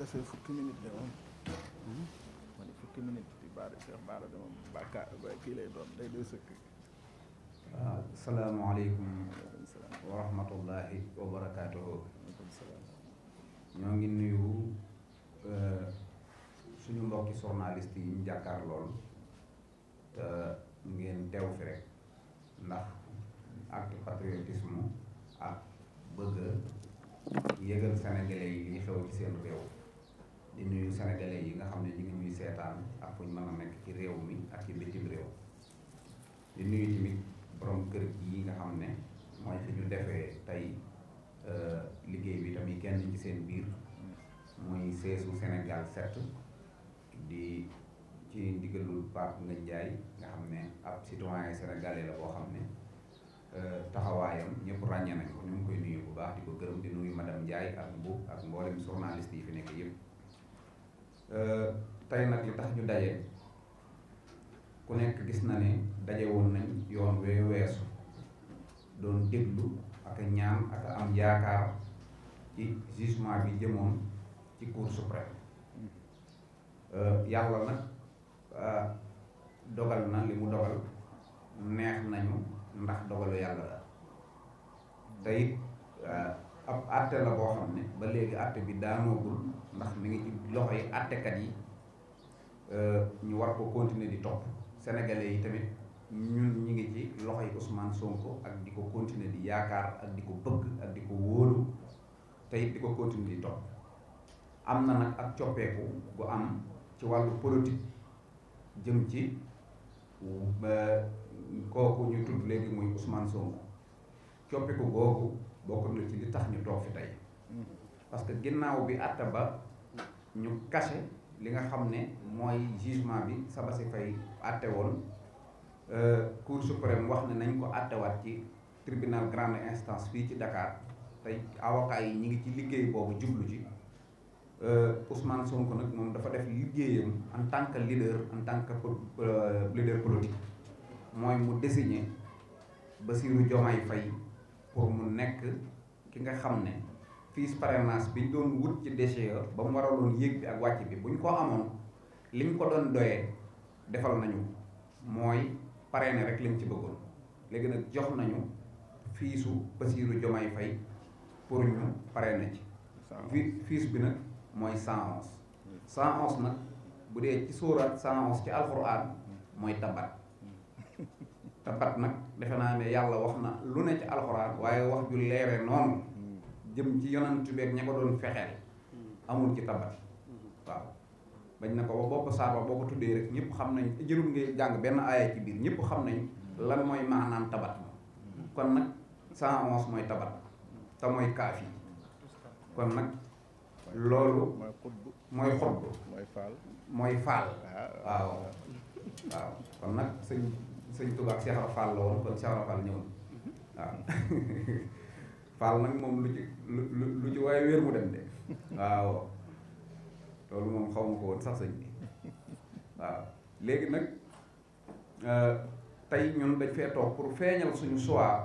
defee fukki minute de moom ma kii lay doon day doy sëkk waaw ah, salaamaaleykum wa rahmatullahi wa ñoo ngi nuyu euh, suñu mbokki journaliste yi ñu jàkkaar lool te ngeen teew fi rek ndax acte patriotisme ak bëgg yëgal sénégalais yi li xew seen réew di nuyu sénégalais yi nga xam ne ñu ngi ñuy seetaan ak fu ñu mën a nekk ci réew mi ak ci bitim réew di nuyu tamit boroom kër gi nga xam ne mooy fi ñu defee tey euh, liggéey bi tamit kenn ci seen biir muy seesu Sénégal set di ci ndigalul Pape Ngagne Ndiaye xam ne ab citoyen sénégalais la boo xam ne euh, taxawaayam ñëpp ràññee nañ ñu ngi koy nuyu bu baax di ko gërëm di nuyu madame Ndiaye ak Mbow ak mboolem journaliste yi fi nekk yëpp. Euh, tey nag li tax ñu daje ku nekk gis na ne daje woon nañ yoon wee weesu doon déglu ak a ñaan ak a am yaakaar ci jugement bi jëmoon ci cour suprême euh, yàlla nag euh, dogal na li mu dogal neex nañu ndax dogalu yàlla la te ab àtte la boo xam ne ba léegi àtte bi daanoogul ndax mi ngi ci loxo yi àttekat yi euh, ñu war ko continuer di topp sénégalais yi tamit ñu ñu ngi ci loxo yi Ousmane Sonko ak di ko continuer di yaakaar ak di ko bëgg ak di ko wóolu tey di ko continuer di topp am na nag ak coppeeku bu am ci wàllu politique jëm ci euh, kooku ñu tudd léegi muy Ousmane Sonko coppeeku googu bokk na ci li tax ñu toog fi tey parce que ginnaaw bi àtte ba ñu caché li nga xam ne mooy jugement bi Sabasy Faye àtte woon euh, cour suprême wax ne nañ ko àttewaat ci tribunal grande instance fii ci Dakar tey avocats yi ñu ngi ci liggéey boobu jublu ci euh, Ousmane Sonko nag moom dafa def liggéeyam en tant que leader en tant que euh, leader mooy mu désigner Bassirou Diomaye Faye pour mu nekk ki nga xam ne fiis parrainage biñ doon wut ci DGE ba mu waraloon yéeg bi ak wàcc bi bu buñ ko amoon ñu ko doon doyee defal nañu mooy parrainé rek lañ ci bëggoon léegi nag jox nañu fiisu Bassirou Diomaye Faye pour ñu parrainé ci fiis bi nag mooy cent once cent onze nag bu dee ci sóoraat cent onze ci alxuraan mooy tabat te pat nag defe naa ne yàlla wax na lu ne ci alxuraan waaye wax ju leere noonu jëm ci yonantu beeg ña ko doon fexeel amul ci tabati waaw bañ na ko ba bopp saaba boo ko tuddee rek ñëpp xam nañ jërul ngay jàng benn aaya ci biir ñëpp xam nañu lan mooy maanaam tabat moom kon nag cent onze mooy tabat te mooy kaaf kon nag loolu mooy xutb mooy faal ah, ah, waaw ah. waaw kon nag sëñ sëñ Touba ak Cheikh Ibra Fall la woon kon Cheikh Ibra Fall ñëwoon waaw Fall nag moom lu ci lu lu ci waaye wéer mu dem de waaw loolu moom xaw ma ko woon sax sëñ bi waaw léegi nag euh, tey ñun dañ fee toog pour feeñal suñu choix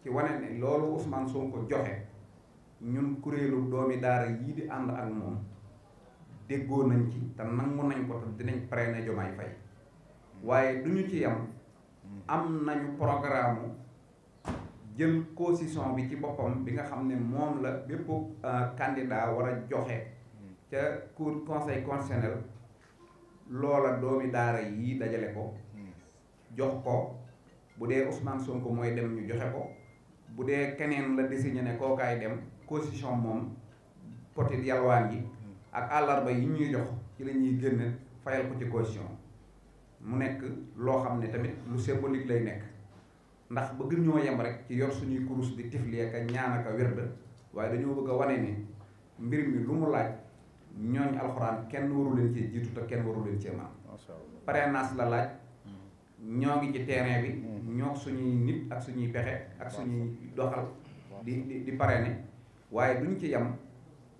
ci wane ne loolu Ousmane Sonko joxe ñun kuréelu doomi daara yii di ànd ak moom déggoo nañ ci te nangu nañ ko te dinañ paree ne Diomaye Faye waaye du ñu ci yam am nañu programme jël caution bi ci boppam bi nga xam ne moom la bépp euh, candidat war a joxe ca cour conseil constitutionnel loola doomi daara yi dajale ko jox ko bu dee Ousmane Sonko mooy dem ñu joxe ko bu dee keneen la désigné ne kookaay dem caution moom poti yalwaan yi ak àllarba yi ñuy jox ci la ñuy génn fayal ko ci caution mu nekk loo xam ne tamit lu symbolique lay nekk ndax bëgg ñoo yem rek ci yor suñuy kurus di tifli ak ñaan ak werd waaye dañoo bëgg a wane ni mbir mi lu mu laaj ñooñ alxuraan kenn waru ci cee jiitu te kenn waru leen cee maam parrainage la laaj hmm. ñoo ngi ci terrain bi hmm. ñoo suñuy nit ak suñuy pexe ak suñuy doxal di di di parrainer waaye duñ ci yem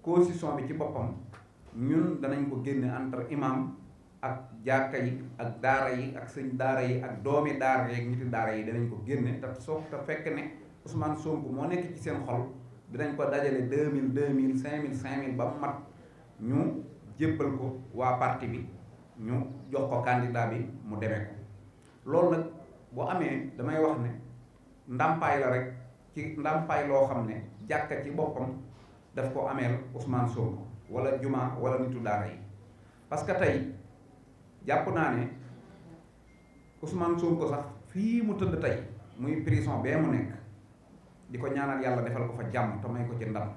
constitution bi ci boppam ñun danañ ko génne entre imam ak jàkka yi ak daara yi ak sëñ daara yi ak doomi daara yeeg niti daara yi danañ ko génne te soo te fekk ne Ousmane Sonko moo nekk ci seen xol dinañ ko dajale deux mille deux mille cinq mille cinq mille ba mu mat ñu jébbal ko waa parti bi ñu jox ko candidat bi mu demee ko loolu nag bu amee damay wax ne ndàmpaay la rek ci ndàmpaay loo xam ne jàkka ci boppam daf ko ameel Ousmane Sonko wala juma wala nitu daara yi parce tey jàpp naa ne Ousmane Sonko sax fii mu tëdd tey muy prison bee mu nekk di ko ñaanal yàlla defal ko fa jàmm te may ko ci ndam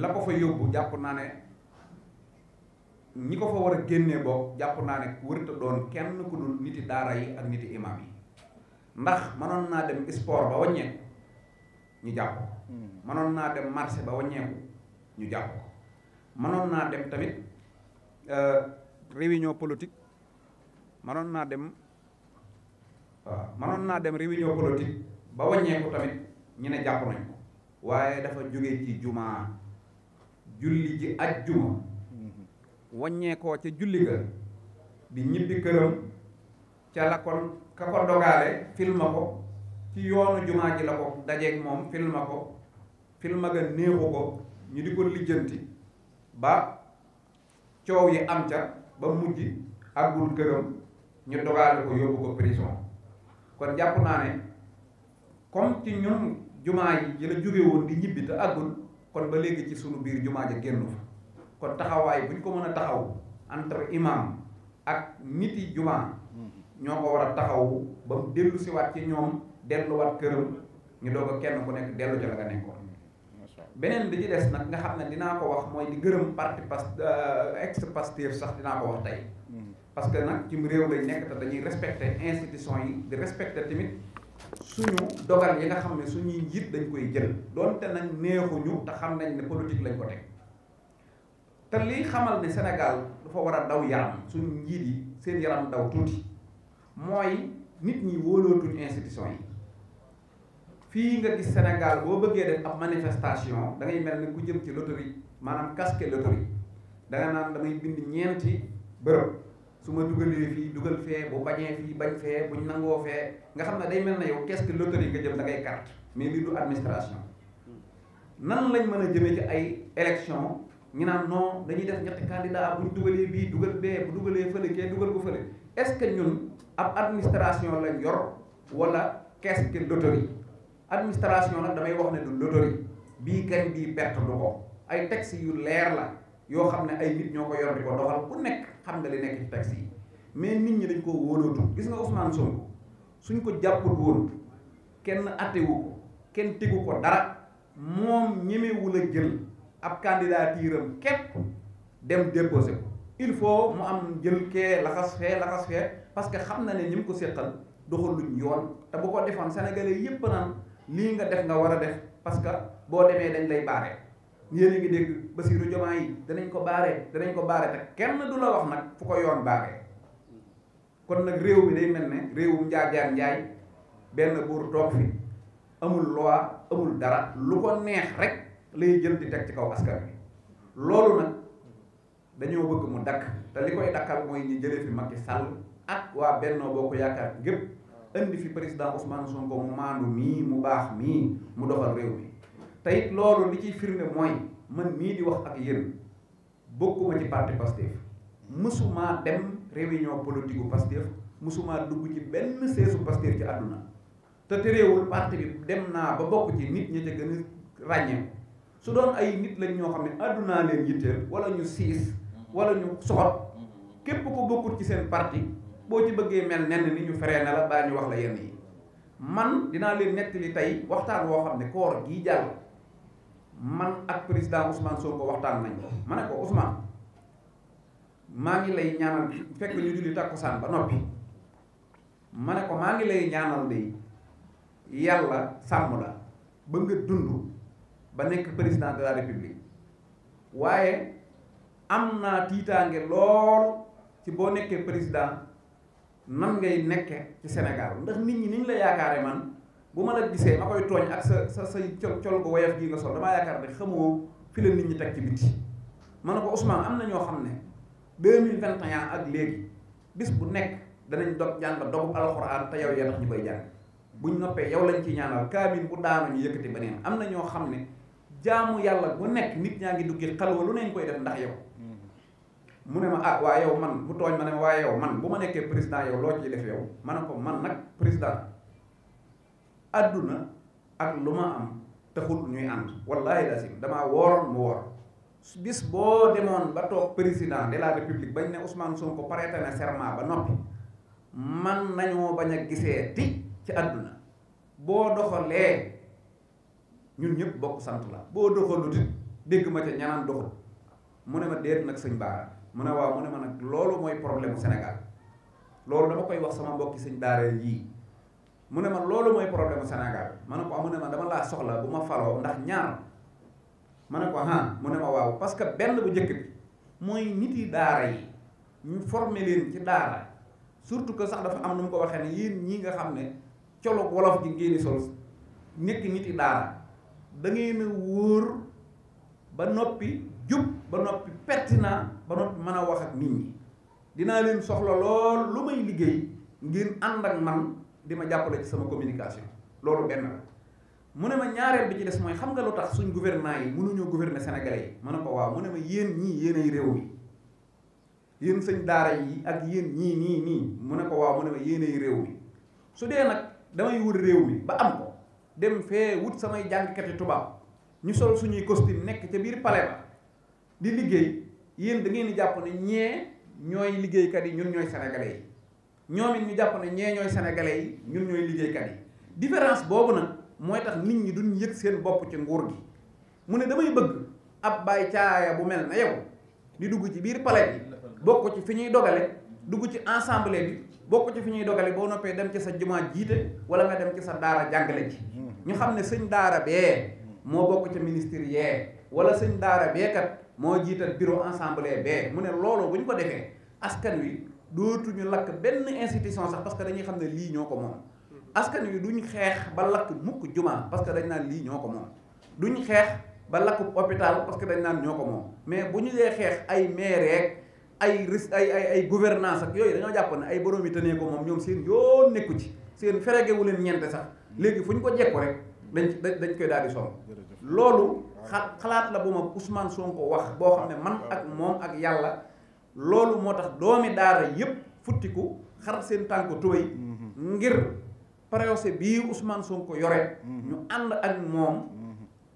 la ko fa yóbbu jàpp naa ne ñi ko fa war a génnee boo jàpp naa ne wërta doon kenn ku dul niti daara yi ak nit imam yi ndax mënoon naa dem sport ba wàññeeku ñu jàpp hmm. mënoon naa dem marché ba wàññeeku ñu jàpp mënoon naa dem tamit euh, réunion politique mënoon naa dem waaw mënoon naa dem réunion politique ba wàññeeku tamit ñu ne jàpp nañ waaye dafa jóge ci jumaa julli ji aj juma wàññeekoo ca julli ga di ñibbi këram ca la kon ka ko dogaale filma ko ci yoonu jumaa ji la ko dajeeg moom filma ko filma ga néexu ko ñu di ko lijjanti ba coow yi am ca ba mu mujj àggul këram ñu dogaale ko yóbbu ko prison kon jàpp naa ne comme ci ñun jumaa yi la jóge woon di ñibbi te àggul kon ba léegi ci sunu biir jumaa ja génn fa kon taxawaay bu ñu ko mën a taxaw entre imam ak nit yi jumaa ñoo ko war a taxawu ba mu dellu siwaat ci ñoom delluwaat këram ñu doog ko kenn ku nekk dellu ca la nga nekkoon beneen bi ci des nag nga xam ne dinaa ko wax mooy di gërëm parti past euh, ex Pastef sax dinaa ko wax tey hmm. parce que nag ci réew lañ nekk te dañuy respecter institution yi di respecter tamit suñu dogal yi nga xam ne suñuy njiit dañ koy jël doonte nag neexuñu te xam nañ ne politique lañ ko teg te liy xamal ne Sénégal dafa war a daw yaram suñu njiit yi seen yaram daw tuuti mooy nit ñi wóolootuñ institution yi fii nga gis Sénégal boo bëggee def ab manifestation da mel ni ku jëm ci loterie maanaam casque loterie da nga naan damay bind ñeenti bërëb su ma dugalee fii dugal fee bu bañee fii bañ fee buñ nangoo fee nga xam ne day mel na yow casque loterie nga jëm da ngay carte mais lii du administration nan lañ mën a jëmee ci ay élection ñu naan noon dañuy def ñetti candidat buñ dugalee bii dugal bee bu dugalee fële kee dugal ko fële est-ce que ñun ab administration lañ yor wala casque loterie administration nag damay wax ne du loterie bii gañ bii perte du ko ay taxi yu leer la yoo xam ne ay nit ñoo ko yor di ko doxal ku nekk xam nga li nekk ci taxi yi mais nit ñi dañ ko wóolootu gis nga Ousmane Sonko suñ ko jàppul woon kenn attewu ko kenn tegu ko dara moom ñemewul a jël ab candidature am képp dem déposé ko il faut mu am jël kee laxas fee laxas fee parce que xam na ne ñi ko séqal doxaluñ yoon te bu ko defoon sénégalais yépp naan lii nga def nga war a def parce que boo demee dañ lay baare yéen a ngi dégg Bassirou Diomaye yi danañ ko baare danañ ko baare te kenn du la wax nag fu ko yoon baare kon nag réew mi day mel ne réewum njaajaar njaay benn buur toog fi amul loi amul dara lu ko neex rek lay jël di teg ci kaw askan bi loolu nag dañoo bëgg mu dakk te li koy dakkal mooy ñu jëlee fi Macky Sall ak waa Benno Bokk Yaakaar gépp indi fi président Ousmane Sonko mu maandu mii mu baax mii mu doxal réew mi te loolu li ciy firnde mooy man mii di wax ak yéen bokkuma ci parti Pastef mësuma dem réunion politique bu Pastef mësuma dugg ci benn seesu Pastef ci àdduna te terewul parti bi dem naa ba bokk ci nit ñi ca gën a ràññeeku su doon ay nit lañ ñoo xam ne àddunaa leen yitteel wala ñu siis wala ñu soxot mm-hmm. képp ko bokkut ci seen parti boo ci bëggee mel nenn ni ñu feree na la baa ñu wax la yenn yi man dinaa leen nettali tey waxtaan woo xam ne koor gi jàll man ak président Ousmane Sonko waxtaan nañ ko ma ne ko Ousmane maa ngi lay ñaanal fekk ñu ba noppi ma ne ko maa ngi lay ñaanal de yàlla sàmm la ba nga dund ba nekk président de la république waaye am naa tiitaange lool ci boo nekkee président nan ngay nekke ci Sénégal ndax nit ñi niñ la yaakaare man bu ma la gisee ma koy tooñ ak sa sa say col col gu woyof gii nga sol damaa yaakaar ne xamoo fi la nit ñi teg ci biti ma ne ko Ousmane am na ñoo xam ne deux mille vingt et ak léegi bis bu nekk danañ dog jàng dogub alxuraan te yow yaa tax ñu koy jàng buñ noppee yow lañ ci ñaanal kaamil bu daanu ñu yëkkati beneen am na ñoo xam ne jaamu yàlla bu nekk nit ñaa ngi duggi xalwa lu neen koy def ndax yow mu ne ma ah waa yow man mu tooñ ma ne ma waa yow man bu ma nekkee président yow loo ciy def yow ma ne ko man nag président àdduna ak lu ma am taxul ñuy ànd wallaahi lazim damaa wooroon mu woor bis boo demoon ba toog président de laa république bañ ne Ousmane Sonko ko na serment ba noppi man nañoo bañ a gisee ti ci àdduna boo doxalee ñun ñëpp bokk sant la boo doxalutit dégg ma ca ñanaan doxul mu ne ma déet nag sëñ baara mu ne waaw mu ne ma nag loolu mooy problème Sénégal loolu dama koy wax sama mbokki sëñ daara yii mu ne ma loolu mooy problème Sénégal ma ne ko ah, mu ne ma dama laa bu ma faloo ndax ñaar ne ko ah, mu ne ma waaw parce que benn bu njëkk bi mooy nit yi daara yi ñu former leen ci daara surtout que sax dafa am nu mu ko waxee ne yéen ñii nga xam ne colog wolof gi ngeen di sol nekk nit yi daara da ngeen a wóor ba noppi jub ba noppi naa ba noppi mën a wax ak nit ñi dinaa leen soxla lool lu may liggéey ngir ànd ak man di ma jàppale ci sama communication loolu benn la mu ne ma ñaareel bi ci des mooy xam nga lu tax suñ gouvernement yi mënuñoo gouverner sénégalais yi ma ne ko waaw mu ne ma yéen ñii yéenay réew mi yéen sëñ daara yi ak yéen ñii nii nii mu ne ko waaw mu ne ma yéenay réew mi su dee nag damay wut réew mi ba am ko dem fee wut samay jàngkati tubaab ñu sol suñuy costume nekk ca biir palais ba di liggéey yéen da ngeen di jàpp ne ñee ñooy liggéeykat yi ñun ñooy sénégalais yi ñoom ñu jàpp na ñee ñooy sénégalais yi ñun ñooy liggéeykat yi différence boobu nag mooy tax nit ñi duñ yëg seen bopp ci nguur gi mu ne damay bëgg ab baay caaya bu mel na yow di dugg ci biir palais bi bokk ci fi ñuy dogale dugg ci ensemble bi bokk ci fi ñuy dogale boo noppee dem ci sa jumaa jiite wala nga dem ci sa daara jàngale ji ñu xam ne sëñ daara bee moo bokk ca ministère yee wala seen daara beekat moo jiital bureau assemblée bee mu ne loolu bu ñu ko defee askan wi ñu lakk benn institution sax parce que dañuy xam ne lii ñoo ko moom askan wi duñ xeex ba lakk mukk jumaa parce que dañ naan lii ñoo ko moom duñ xeex ba lakk hôpital parce que dañ naan ñoo ko moom mais bu ñu dee xeex ay maire ay ris ay ay ay gouvernance ak yooyu dañoo jàpp ne ay borom yi ko moom ñoom seen yoon nekku ci seen fere feregewu leen ñeente sax léegi fu ñu ko jekku rek dañ dañ koy daal di sonn loolu xa xalaat la bu ma usmaan Sonko wax boo xam ne man ak moom ak yàlla loolu moo tax doomi daara yëpp futtiku xar seen tànk tubéy ngir procès bii Ousmane Sonko yore ñu ànd ak moom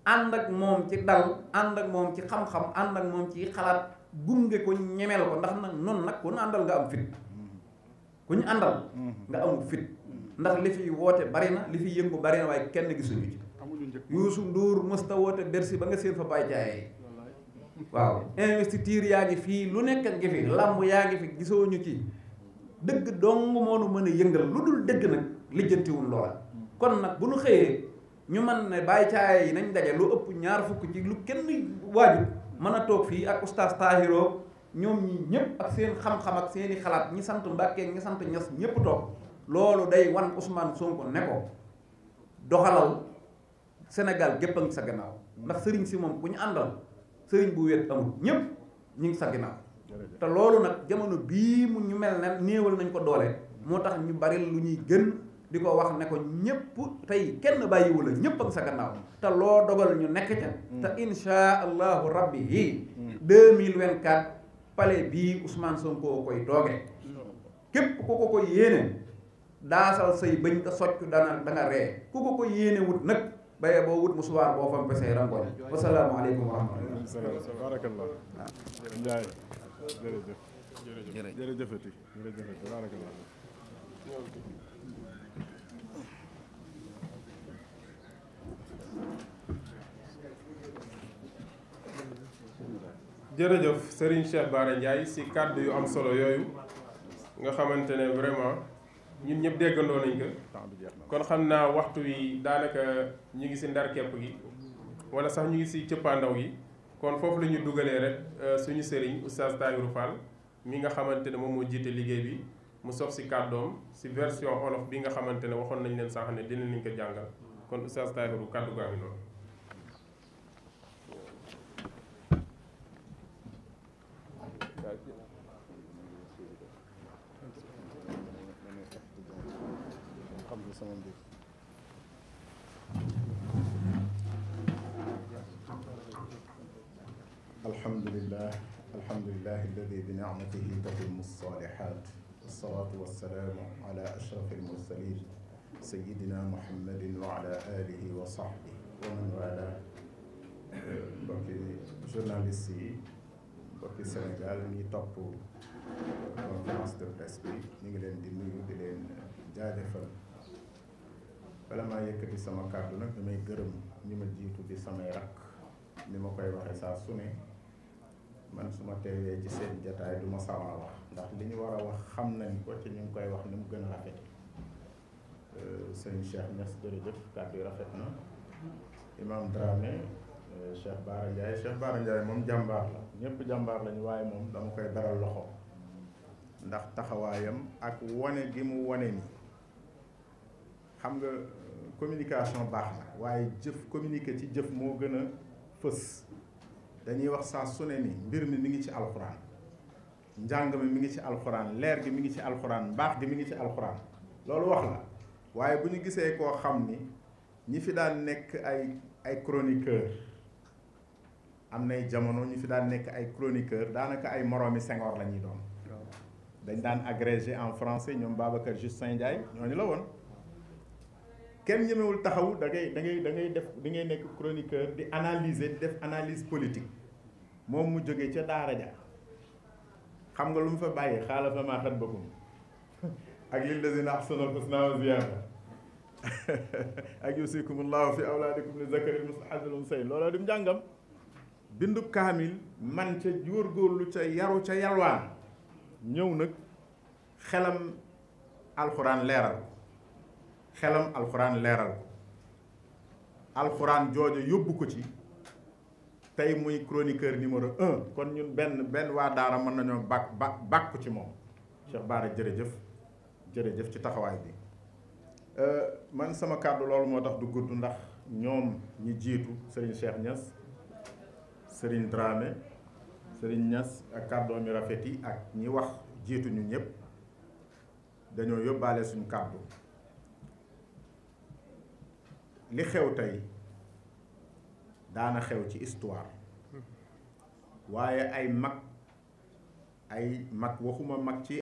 ànd ak moom ci dal ànd ak moom ci xam-xam ànd ak moom ci xalaat gunge ko ñemeel ko ndax nag noon nag ku àndal nga am fit ku àndal nga amul fit ndax li fiy woote bari na li fi yëngu bari na waaye kenn gisuñu ci Youssou Ndour mosta woote Bercy ba nga séen fa bàyyi jaayee waaw investiture yaa ngi fii lu nekk ngi fi làmb yaa ngi fi gisoo ñu ci dëgg dong moo nu mën a yëngal lu dul dëgg nag lijjantiwul loola kon nag bu nu xëyee ñu mën ne bàyyi caaye yi nañ daje lu ëpp ñaar fukk ci lu kenn waaju mën a toog fii ak oustaz Tahiro ñoom ñi ñëpp ak seen xam-xam ak seeni xalaat ñi sant Mbàkke ñi sant Ñas ñëpp loolu day wan Ousmane Sonko ne ko doxalal Sénégal gépp a ngi sa gannaaw ndax sëriñ si moom ku ñu àndal sëriñ bu wéet amul ñëpp ñu ngi sa te loolu nag jamono bii mu ñu mel ne néewal nañ ko doole moo tax ñu bari lu ñuy gën di ko wax ne ko ñëpp tey kenn bàyyiwu la ñëpp ak ngi sa gannaaw te loo dogal ñu nekk ca mm. te insha allahu rabbi yi 2024 mm. palais bii Ousmane Sonko koy doogee mm. képp ku ko ko yéene daasal say bañ te soccu dana da nga ree ku ko ko yéene wut nag baye boo wut musuwaar boo fam pesee rangoñ wasalaamaaleykum wa rahmatulah barakallah njaay jërëjëf jërëjëf jërëjëfati jërëjëfati barakallah jërëjëf Serigne si kàddu yu am solo yooyu nga xamante ne vraiment ñun ñëpp déggandoo nañ ko kon xam naa waxtu wi daanaka ñu ngi si ndar kepp gi wala sax ñu ngi si ndaw yi kon foofu la ñu dugalee rek euh, suñu sëriñ oustaz Tahirou Fall mi nga xamante ne moom moo jiite liggéey bi mu sof si kàddoom si version olof bi nga xamante ne waxoon nañ leen sax ne dinañ leen ko jàngal kon oustaz Tahirou kàddu gaa sama mbir alhamdulillah alhamdulillah alladi bi nicmatihi tatimu salihat wasalaatu wasalaamu ala ashraf almursalin sayidina muhammadin wa ala alihi wa sahbihi wa man wala mbokki journaliste yi mbokki Sénégal ñi topp conférence de presse bi ñu ngi leen di nuyu di leen jaajëfal bala maa yëkkati sama kàddu nag damay gërëm ñi ma jiitu di samay rakk ni ma koy waxee saa su ne man su ma teewee ci seen jataay du ma wax ndax li ñu war a wax xam nañ ko ci ñu ngi koy wax ni mu gën a rafet euh, sëñ Cheikh Niass jërëjëf kàddu yi rafet na Imam Dramé euh, Cheikh Bara Ndiaye Cheikh moom jàmbaar la ñëpp jàmbaar lañu waaye moom dama koy beral loxo ndax taxawaayam ak wane gi mu wane nii xam nga communication baax na waaye jëf communique ci jëf moo gën a fës dañuy wax saa su ne mbir mi mi ngi ci alxuraan njàng mi mu ngi ci alxuraan leer gi mi ngi ci alxuraan mbaax gi mi ngi ci alxuraan loolu wax la waaye bu ñu gisee koo xam ni ñi fi daan nekk ay ay chroniqueur am nay jamono ñu fi daan nekk ay chroniqueur daanaka ay moromi Senghor la ñuy doon dañ daan agrégé en français ñoom Babacar Justin Ndiaye ñooñu la woon kenn ñemewul taxaw da ngay da ngay da ngay def da ngay nekk chroniqueur di analyser di def analyse politique moom mu jógee ca daara ja xam nga lu mu fa bàyyi xaala fa maa bëggum ak lil lazina ahsanul husna wa ziyaada ak yusikumullahu fi awlaadikum li zakari mislu hazzil unsayayn looloo di njàngam bindub kaamil man ca góorgóorlu ca yaru ca yalwaan ñëw nag xelam alxuraan leeral xelam alxuraan leeral ko alxuraan joojo yóbbu ko ci tey muy chroniqueur numéro un kon ñun benn benn waa daara mën nañoo bàkk bàkku ci moom Cheikh Bara jërëjëf jërëjëf ci taxawaay bi euh, man sama kàddu loolu moo tax du gudd ndax ñoom ñi jiitu Serigne Cheikh Niass Serigne Dramé Serigne Niass ak kàddoom yu rafet yi ak ñi wax jiitu ñu ñëpp dañoo yóbbaale suñu kàddu li xew tey daana xew ci histoire hmm. waaye ay mag ay mag waxuma mag ci